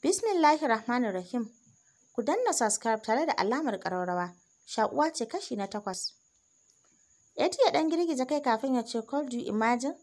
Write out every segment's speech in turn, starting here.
Bismillahi Rahmanir Rahim. Ku danna subscribe tare da alamar ƙararrawa. Shaƙuwa ce kashi na takwas. Eti ya ɗan girgiza kai kafin ya ce cold you imagine.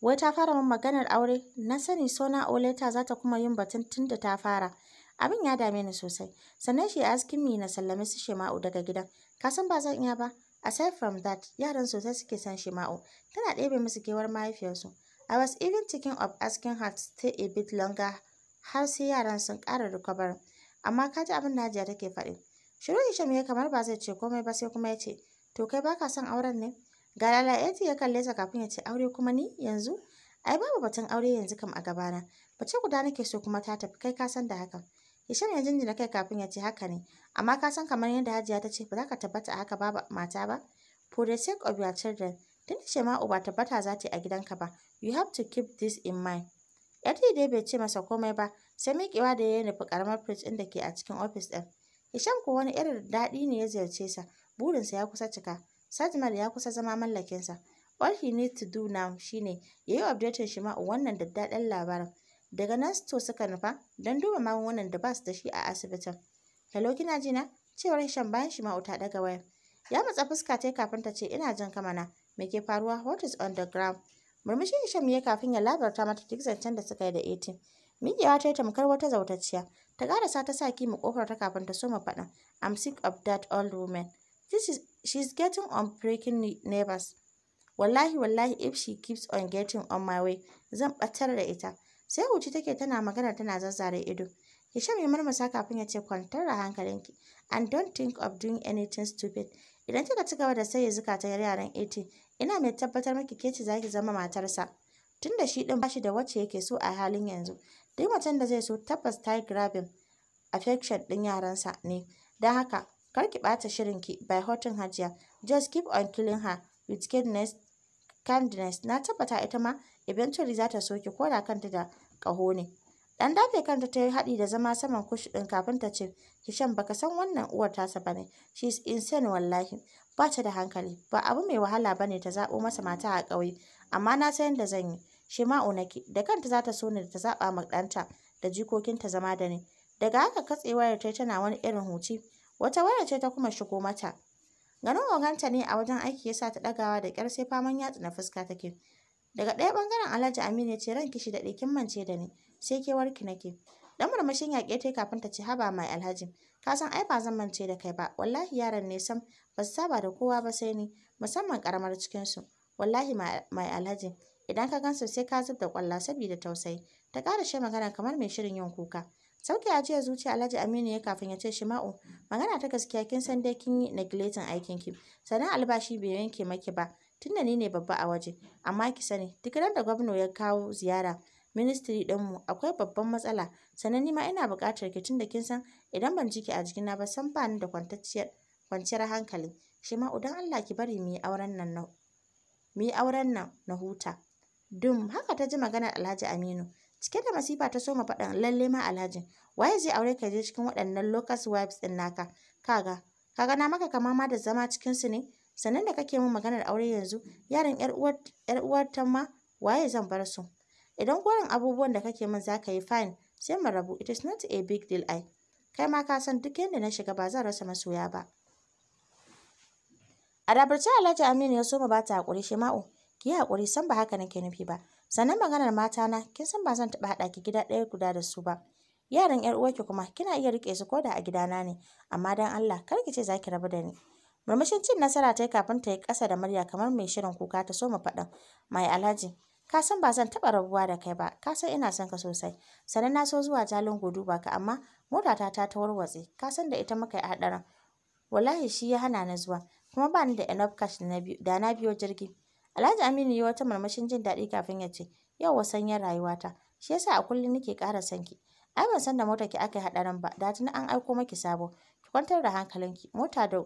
Wai ta fara min maganar aure, na sani Sona Oleta za ta kuma yin batun tunda ta fara. Abin ya dame ni sosai. Sannan shi askin me na sallame su Shema'u daga gidan. Ka san ba zan iya ba. Aside from that, yaran sosai suke son Shema'u. Tana ɗebe musu kewar mahaifiyarsu. I was even thinking of asking her to stay a bit longer har sai yaran sun ƙara rikabar. Amma ka ji abin da Hajiya take faɗi. Shiru Hisham ya kamar ba zai ce komai ba sai kuma ya ce, To kai baka son auren ne? Ga lalayeti ya kalle sa kafin ya ce aure kuma ni yanzu? Ai babu batun aure yanzu kam a gabana. Bace guda nake so kuma ta tafi kai ka san da haka? Hisham ya jinjina kai kafin ya ce haka ne. Amma ka san kamar yadda Hajiya ta ce ba za ka tabbata a haka babu mata ba? For the sake of your children, tun ce ma uba tabbata za ta yi a gidanka ba. You have to keep this in mind. Yadda dai bai ce masa komai ba, sai miƙewa da ya nufi ƙaramar firij ɗin da ke a cikin ofis ɗin. Hisham ko wani irin daɗi ne ya ziyarce sa, burinsa ya kusa cika, Sajmal ya kusa zama mallakinsa. All he need to do now shine ya yi updating shi ma wannan daddaɗen labarin. Daga nan sto suka nufa don duba magungunan da ba su da shi a asibitin. Hello kina jina? Cewar Hisham bayan shi ma ta ɗaga wayar. Ya matsa fuska ta kafin ta ce ina jin kamana. Me ke faruwa? What is on the ground? murmushin Hisham ya kafin ya labarta mata duk zancen da suka yi da etin miƙewa ta yi tamkar wata zautacciya ta ƙarasa ta sa kima kofar ta kafin ta soma faɗin I'm sick of that old woman this is she's getting on breaking neighbors wallahi wallahi if she keeps on getting on my way zan ɓatar da ita sai huci take tana magana tana zazzare ido Hisham ya marmasa kafin ya ce kwantar da hankalinki and don't think of doing anything stupid idan kika ci gaba da sai yar yaran 80 Ina mai tabbatar maki ke ce za ki zama matarsa. Tun da shi ɗin ba shi da wacce yake so a halin yanzu. Duk macen da zai so tabbas ta yi grabbing affection ɗin yaransa ne. Don haka, kar ki ɓata shirinki by hurting Hajiya. Just keep on killing her with kindness, kindness. Na tabbata ita ma eventually za ta so ki ko da kanta da ƙaho ne. Dan dafe kanta ta yi haɗi da zama saman kush ɗin kafin ta ce, Kishan baka san wannan uwar tasa ba ne. She is insane wallahi. ba ta da hankali ba abu mai wahala ba ne ta zaɓo masa mata a ƙauye amma na san yadda zan yi shi ma da kanta za ta so ni da ta zaɓa ma ɗanta da ta zama da ni daga haka katse wayar ta tana wani irin huci wata wayar ce ta kuma shigo mata ganin oganta ne a wajen aiki yasa ta ɗagawa da kyar sai faman yatsu na fuska take daga ɗaya ɓangaren alhaji aminu ya ce ran kishi daɗe kin mance da ni sai ke warki nake dan murmushin yaƙe ta kafin ta ce haba mai alhaji ka san ai ba zan mance da kai ba wallahi yaron ne sam ba su saba da kowa ba sai ni musamman karamar cikinsu wallahi mai alhaji idan ka gansu sai ka zub da kwalla saboda tausayi ta ƙara shi magana kamar mai shirin yin kuka sauke jiya zuciya alhaji aminu ya kafin ya ce shima'u magana ta gaskiya kin san dai kin yi neglecting aikin ki sannan albashi bai yanke maki ba tunda ni ne babba a waje amma ki sani duk da gwamna ya kawo ziyara ministry dinmu akwai babban matsala sannan ni ma ina buƙatar ki tunda kin san idan ban ji ki a jikina ba san ba ni da kwantacciyar kwanciyar hankali shi ma don Allah ki bari mu yi auren nan na mu yi auren nan na huta dum haka ta ji maganar Alhaji Aminu cike da masifa ta soma faɗan lalle ma Alhaji waye zai aure ka je cikin waɗannan locust wives ɗin naka kaga kaga na maka kama ma da zama cikin su ne sannan da kake min maganar aure yanzu yaran yar uwar yar uwar ta ma waye zan bar su idan gorin abubuwan da kake min zaka yi fine sai mu rabu it is not a big deal ai kai ma ka san duk yadda na shiga ba zan rasa masoya ba A dabarci Alhaji Aminu ya so mu ta hakuri Shema'u. ki yi hakuri san ba haka nake nufi ba. Sannan maganar mata na kin san ba zan taɓa haɗa ki gida ɗaya guda da su ba. Yaran 'yar uwa uwarki kuma kina iya riƙe su koda a gidana ne, amma dan Allah kar ki ce za ki rabu da ni. Murmushin cin nasara ta yi kafin ta yi ƙasa da murya kamar mai shirin kuka ta so mu faɗin. Mai Alhaji, ka san ba zan taɓa rabuwa da kai ba, ka san ina son ka sosai. Sannan na so zuwa jalin Jalingo duba ka amma motata ta ta warwatse, ka san da ita muka yi haɗarin. Wallahi shi ya hana ni zuwa, kuma ba ni da enough cash da na biyo jirgi. Alhaji Aminu ya yi wata murmushin jin daɗi kafin ya ce, Yau, yauwa sanyin rayuwata, shi yasa a kullum nake ƙara son ki. Ai ban san da motar ki aka yi haɗarin ba, da tuni an aiko maki sabo. Ki kwantar da hankalinki, mota da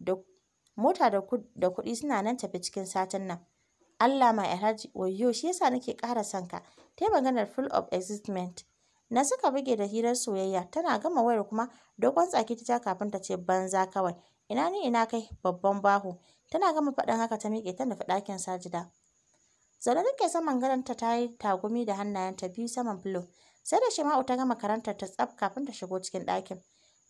da mota da kuɗi suna nan tafi cikin satin nan. Allah mai alhaji wayyo shi yasa nake ƙara son ka. Ta maganar full of excitement. Na suka buge da hirar soyayya tana gama wayar kuma dogon tsaki ta kafin ta ce banza kawai. Ina ni ina kai babban baho. Tana gama faɗin haka ta miƙe ta nufi ɗakin sajida. Zaune take saman gadonta ta yi tagumi da hannayen ta biyu saman filo. Sai da shima'u ta gama karantar ta tsaf kafin ta shigo cikin ɗakin.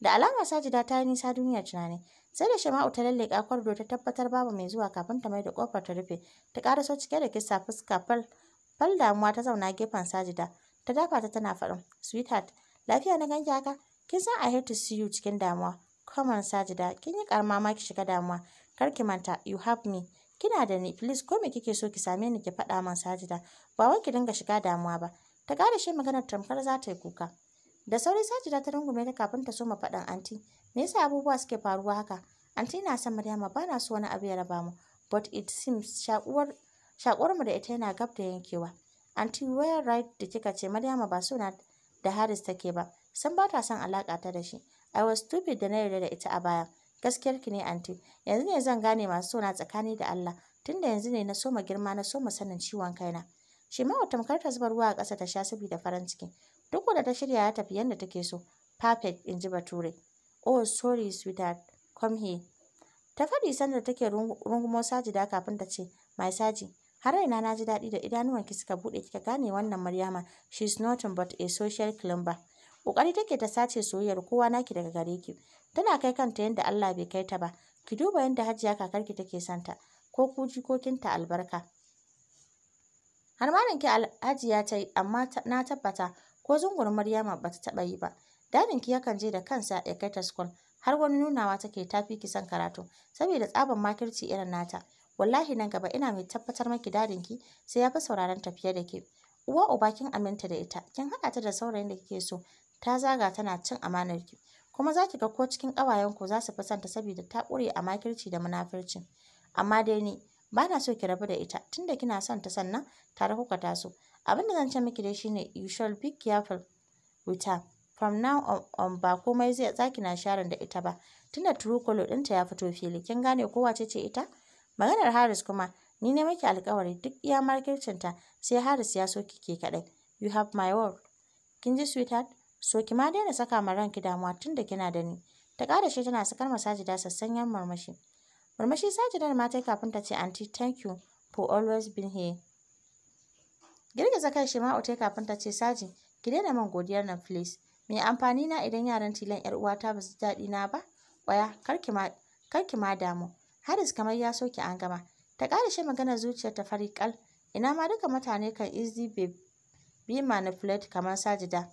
Da alamar sajida ta yi nisa duniyar tunani. Sai da shima'u ta lalle kwardo ta tabbatar babu mai zuwa kafin ta mai da ƙofar ta rufe. Ta ƙaraso cike da kisa fuska Fal damuwa ta zauna gefen sajida. ta dafa ta tana faɗin sweetheart lafiya na ganki haka kin san i hate to see you cikin damuwa common sajida kin yi karama ma ki shiga damuwa kar ki manta you have me kina da ni please ko me kike so ki same ni ki faɗa min sajida ba wai ki dinga shiga damuwa ba ta ƙara shi maganar tamkar za ta yi kuka da sauri sajida ta rungume ta kafin ta soma faɗin anti me yasa abubuwa suke faruwa haka anti na san maryama ba na so wani abu ya raba mu but it seems shakuwar mu da ita yana gab da yankewa anti wayar right da kika ce maryama ba suna da haris take ba san ba ta son alaka ta da shi i was stupid da na yarda da ita a baya gaskiyar ki ne anti yanzu ne zan gane masu suna tsakani da allah tunda yanzu ne na soma girma na soma sanin ciwon kaina shi ma tamkar ta zuba ruwa a ƙasa ta sha saboda farin ciki duk wanda ta shirya ya tafi yadda take so perfect in ji bature oh sorry sweetheart come here ta faɗi sanda take rungumo da kafin ta ce mai saji Har ina na ji daɗi da idanuwanki suka buɗe kika gane wannan Maryama she is nothing but a social climber. Ƙoƙari take ta sace soyayyar kowa naki daga gare ki. Tana kai kanta yadda Allah bai kai ta ba. Ki duba yadda Hajiya kakarki take santa ko ku jikokinta albarka. Har ma ki Hajiya ta yi amma na tabbata ko zungur Maryama bata ta taɓa yi ba. ki yakan je da kansa ya kai ta school har wani nunawa take tafi ki son karatu saboda tsaban makirci irin nata. wallahi nan gaba ina mai tabbatar maki dadin ki sai ya fi sauraron ta fiye da ke uwa uba kin aminta da ita kin haɗa ta da saurayin da kike so ta zaga tana cin amanar ki kuma za ki ga ko cikin ƙawayen ku za su fi santa saboda ta ƙure a makirci da munafirci amma dai ni ba na so ki rabu da ita tunda kina son ta sannan tare kuka taso abin da zan ce miki dai shine you shall be careful with her from now on, ba komai zai tsaki na sharan da ita ba tunda true color ɗinta ya fito fili kin gane ko wace ce ita Maganar Haris kuma, ni ne miki alkawari duk iya markircinta sai Haris ya so ke kaɗai. You have my word. Kin ji sweetheart? So ki ma daina saka ma ranki damuwa tun da kina da ni. Ta ƙara shi tana sakar ma Sajida sassanyen murmushi. Murmushi Sajidar ma ta yi kafin ta ce aunty thank you for always being here. Girgiza kai shi ma ta kafin ta ce Saji ki daina man godiyar nan please. Me amfani na idan yaran tilan 'yar uwata ba su daɗi na ba? Ƙwaya kar ki ma damu. Haris kamar ya soke an gama. Ta shi maganar zuciyar ta fari kal. Ina ma duka mutane kan izi bi manipulate kamar Sajida.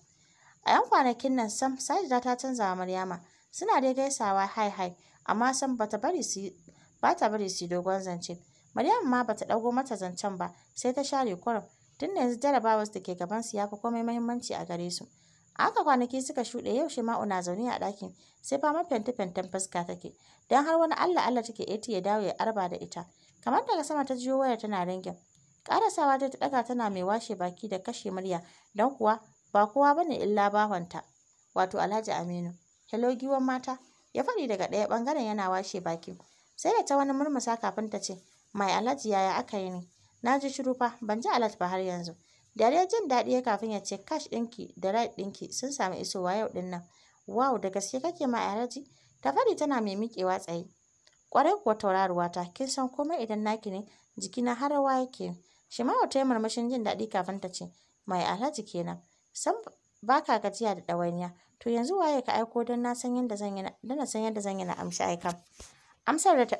A 'yan kwanakin nan sam Sajida ta canza wa Maryama. Suna dai gaisawa hai hai amma sam bari su ba ta bari su dogon zance. Maryam ma bata ɗago mata zancen ba sai ta share kurum. Tun da yanzu jarabawar da ke gabansu ya fi komai mahimmanci a gare su. haka kwanaki suka shuɗe yau shema'u na zaune a ɗakin sai fama fente-fenten fuska take don har wani allah allah take eti ya dawo ya arba da ita kamar daga sama ta jiyo waya tana rangin ƙarasawa ta ɗaga tana mai washe baki da kashe murya don kuwa ba kowa bane illa bahonta wato alhaji aminu hello giwon mata ya faɗi daga ɗaya ɓangaren yana washe baki sai da ta wani murmusa kafin ta ce mai alhaji yaya aka yi ne na ji shiru fa ban ji alhaji ba har yanzu dariya jin daɗi ya kafin ya ce kash ɗinki da rai ɗinki sun sami isowa yau ɗin nan. Wow da gaske kake ma alhaji? Ta faɗi tana mai miƙewa tsaye. Ƙwarai kuwa tauraruwa ta kin san komai idan naki ne jikina har rawa yake. shima'u ta yi murmushin jin daɗi kafin ta ce mai alhaji kenan. San ba ka gajiya da ɗawainiya. To yanzu waye ka aiko don na san yadda zan yi na na san yadda zan yi na amshi aika. Amsar da ta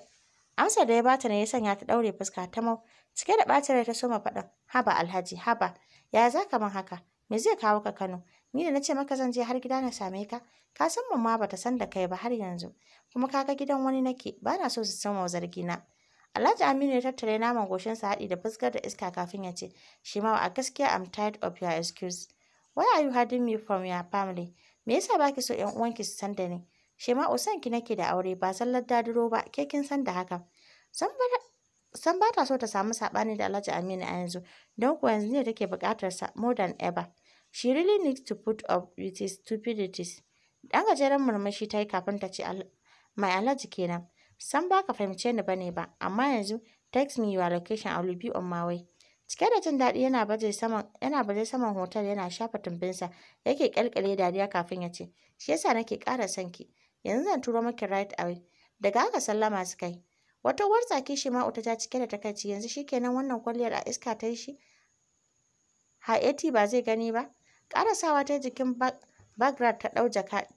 Amsar da ya bata ne ya sanya ta ɗaure fuska ta mau cike da ɓacin rai ta soma faɗin haba alhaji haba ya za ka man haka me zai kawo ka Kano ni da na ce maka zan je har gida na same ka ka san mamma bata san da kai ba har yanzu kuma kaga gidan wani nake ba na so su san wa zargi na Alhaji Aminu ya tattare naman goshin sa haɗi da fuskar da iska kafin ya ce shi ma a gaskiya I'm tired of your excuse why are you hiding me from your family me yasa baki so ƴan uwanki su san da ni Shema usanki nake da aure ba zallar dadiro ba ke kin san da haka. bar san ba ta so ta samu saɓani da Alhaji Aminu a yanzu, don kuwa yanzu ne take buƙatar sa more than ever. She really needs to put up with his stupidities. Ɗan gajeren murmushi ta yi kafin ta ce mai Alhaji kenan. San ba ka fahimce ni bane ba, amma yanzu text me your location I will be on my way. Cike da jin daɗi yana baje saman yana baje saman hotel yana shafa tumbinsa yake kalkale dariya kafin ya ce shi yasa nake ƙara sanki. yanzu zan turo maki right away daga haka sallama su kai. Wata uwar shi uta ta cike da takaici yanzu shikenan wannan kwalliyar a iska ta yi shi. Haeti ba zai gani ba. karasawa ta jikin Bagrat ta ɗau jaka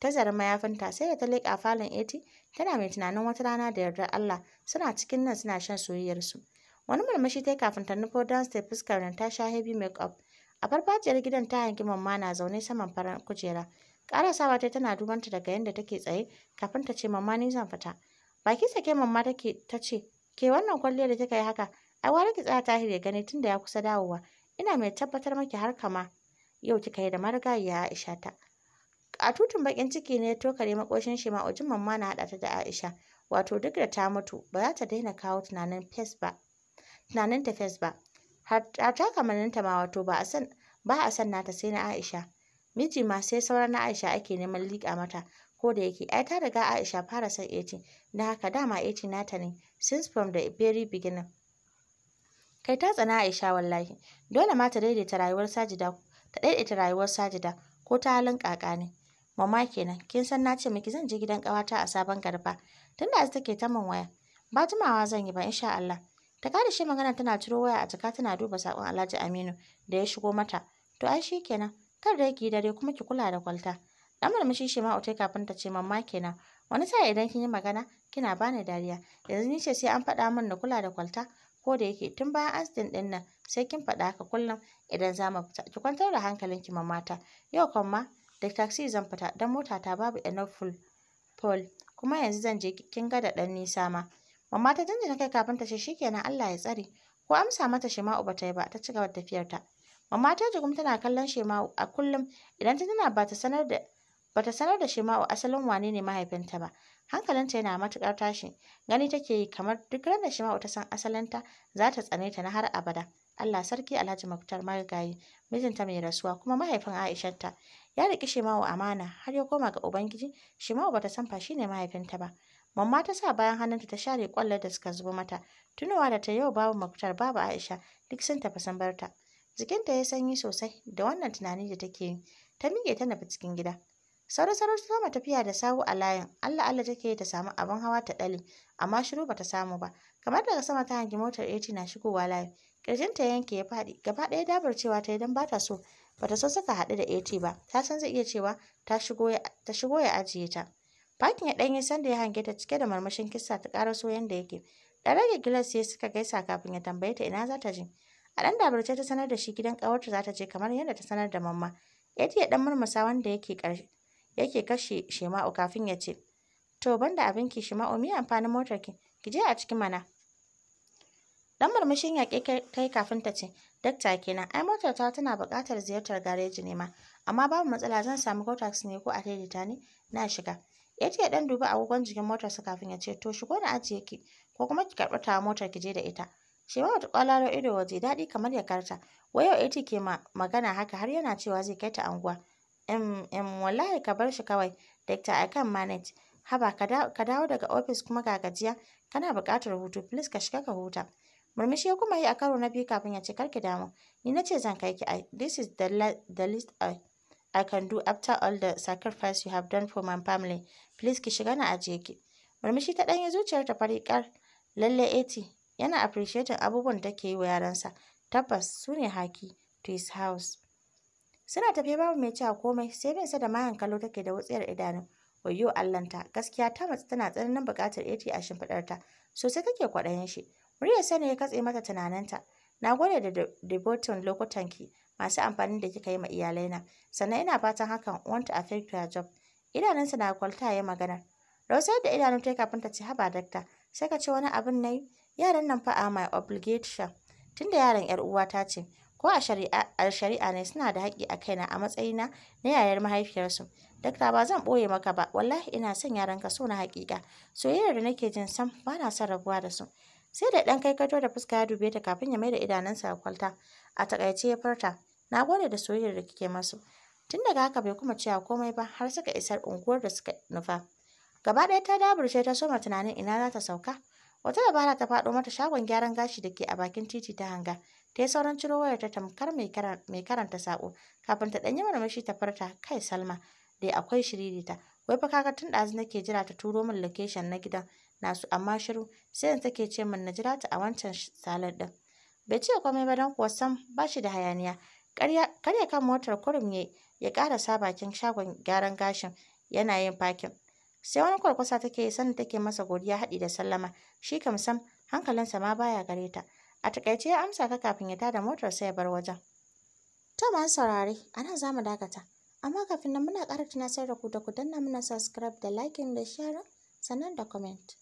ta zara mayafinta sai da ta leƙa falon Eti tana mai tunanin wata rana da yardar Allah suna cikin nan suna shan soyayyar su. Wani murmushi ta kafin ta nufo downstairs fuskar nan ta sha heavy make-up. A farfajiyar gidan ta hangi mamma na zaune saman faran kujera. Ƙarasawa ta tana dubanta daga yadda take tsaye kafin ta ce mamma ni zan fita. baki sake mamma take ta ce ke wannan kwalliya da kika yi haka ai wani ki tsaya tahir gani tunda ya kusa dawowa ina mai tabbatar maki har kama yau kika yi da marigayiya Aisha ta a tutun bakin ciki ne kare makoshin shi ma ujin mamma na hada ta da Aisha wato duk da ta mutu ba za ta daina kawo tunanin fes ba tunanin ta face ba har ta kamanninta ma wato ba a san ba a san nata sai na Aisha miji ma sai sauran na Aisha ake neman liƙa mata ko da yake ai ta riga Aisha fara san Eti dan haka dama Eti nata ne since from the very beginning kai ta tsana Aisha wallahi dole ma ta daidaita rayuwar Sajida ta daidaita rayuwar Sajida ko ta halin kaka ne mama kenan kin san na ce miki zan je gidan kawata a sabon garba tunda azu take ta min waya ba jimawa zan yi ba insha Allah ta kada shi magana tana ciro waya a jaka tana duba sakon Alhaji Aminu da ya shigo mata to ai kenan, kar da yake dare kuma ki kula da kwalta Dan murmushi ma ta kafin ta ce mamma kenan. Wani sa idan kin yi magana kina bani dariya. Yanzu ni ce sai an faɗa min na kula da kwalta ko da yake tun bayan asdin din nan sai kin faɗa haka kullum idan za mu fita. Ki kwantar da hankalinki mamata. Yau kan ma da taxi zan fita dan mota ta babu enough full Paul kuma yanzu zan je kin ga da ɗan nisa ma. Mamma ta jinjina kai kafin ta ce kenan Allah ya tsare. Ko amsa mata Shema'u ba ta yi ba ta ci gaba da ta Mamma ta jigum tana kallon Shema'u a kullum idan ta tana ba ta sanar da bata sanar da shima'u asalin wane ne mahaifinta ba. Hankalinta yana matuƙar tashi, gani take yi kamar duk ran da ta san asalinta za ta tsane ta na har abada. Allah sarki Alhaji Muktar Marigayi, mijinta mai rasuwa kuma mahaifin Aishanta. Ya riƙi Shema'u amana har ya koma ga Ubangiji, Shema'u bata san fa shine mahaifinta ba. Mamma ta sa bayan hannunta ta share ƙwallon da suka zubo mata. Tunawa da ta yau babu Muktar babu Aisha duk sun tafi sun barta Jikinta ya sanyi sosai da wannan tunani da take yi. Ta miƙe ta nufi cikin gida. Sauri sauri ta tafiya da sawu a layin. Allah Allah take ta samu abin hawa ta ɗale, amma shiru bata samu ba. Kamar daga sama ta hangi motar AT na shigowa layin. ya yanke ya faɗi, gaba ɗaya dabar cewa ta idan bata so bata so suka haɗu da AT ba. Ta san zai iya cewa ta shigo ya ta shigo ya ajiye ta. Fakin ya ɗanyi sanda ya hange ta cike da marmashin kissa ta so yanda yake. Ɗan rage gilas sai suka gaisa kafin ya tambaye ta ina za ta je. A ɗan dabarce ta sanar da shi gidan ƙawarta za ta je kamar yadda ta sanar da mamma. Ya ɗan murmusa wanda yake ƙarshe. yake kashe Shema'u kafin ya ce, To banda abinki Shema'u me amfanin motarki? Ki je a cikin mana. Dan murmushin yaƙe kai kafin ta ce, Dakta kenan, ai motar ta tana buƙatar ziyartar gareji ne ma, amma babu matsala zan samu ko taxi ne ko a ta ne na shiga. Ya ce ɗan duba agogon jikin motar motarsa kafin ya ce, To shigo na ajiye ki, ko kuma ki karɓi tawa motar ki je da ita. Shema'u ta ƙwalalo ido waje daɗi kamar ya karta. Wayo eti ke magana haka har yana cewa zai kai ta anguwa. Em, em wallahi ka bar shi kawai, dakta I can manage. Haba ka dawo daga ofis kuma ga gajiya, kana buƙatar hutu, please ka shiga ka huta. Murmushi ya kuma yi a karo na biyu kafin ya ce ki damu. Ni na ce zan kai ki ai. This is the, the least I, I can do after all the sacrifice you have done for my family. Please ki shiga na ajiye ki. Murmushi ta ɗanyi zuciyar ta fari kar Lalle eti yana appreciating abubuwan da ke yi wa yaransa. Tabbas su ne haki to his house. Suna tafiya babu mai cewa komai sai bin sa da mayan kallo take da wutsiyar idanu. Wayo ta. gaskiya ta matsa tana tsananin buƙatar eti a shimfiɗarta, sosai take kwaɗayin shi. Muryar sani ya katse mata tunaninta. Na gode da lokutan ki masu amfani da kika yi ma iyalaina, sannan ina fatan hakan a affect your job. Idanunsa na kwalta ya magana. Rausar da idanu ta kafin ta ce haba dakta, sai ka ce wani abin na yi, yaran nan fa a my obligation. Tunda yaran ‘yar uwa ta ce, ko a shari'a ne suna da haƙƙi a kaina a matsayina na yayar mahaifiyarsu. Dakta ba zan ɓoye maka ba, wallahi ina son yaranka so na haƙiƙa. Soyayyar da nake jin sam ba na son rabuwa da su. Sai da ɗan kai kaikato da fuska ya dube ta kafin ya maida idanunsa ya kwalta. A takaice ya furta, na gode da soyayyar da kike masu. Tun daga haka bai kuma cewa komai ba har suka isar unguwar da suka nufa. Gaba ɗaya ta daburce ta soma tunanin ina za ta sauka. wata dabara ta faɗo mata shagon gyaran gashi da ke a bakin titi ta hanga ta yi sauran ciro wayar ta tamkar mai karanta saƙo kafin ta ɗanyi marmashi ta farta kai salma dai akwai shiririta wai fa kaga tun ɗazu nake jira ta turo min location na gidan nasu amma shiru sai yanzu take ce min na jira ta a wancan salar ɗin bai ce komai ba don kuwa sam ba shi da hayaniya karya kan motar kurum ya ya ƙarasa bakin shagon gyaran gashin yana yin fakin sai wani kwarkwasa take yi take masa godiya haɗi da sallama shi kam sam hankalinsa ma baya gare ta a takaice ya amsa ka kafin ya tada motar sai ya bar wajen to masu saurare a nan za mu dakata amma kafin nan muna ƙara tunasar da ku da ku danna muna subscribe da liking da sharing sannan da comment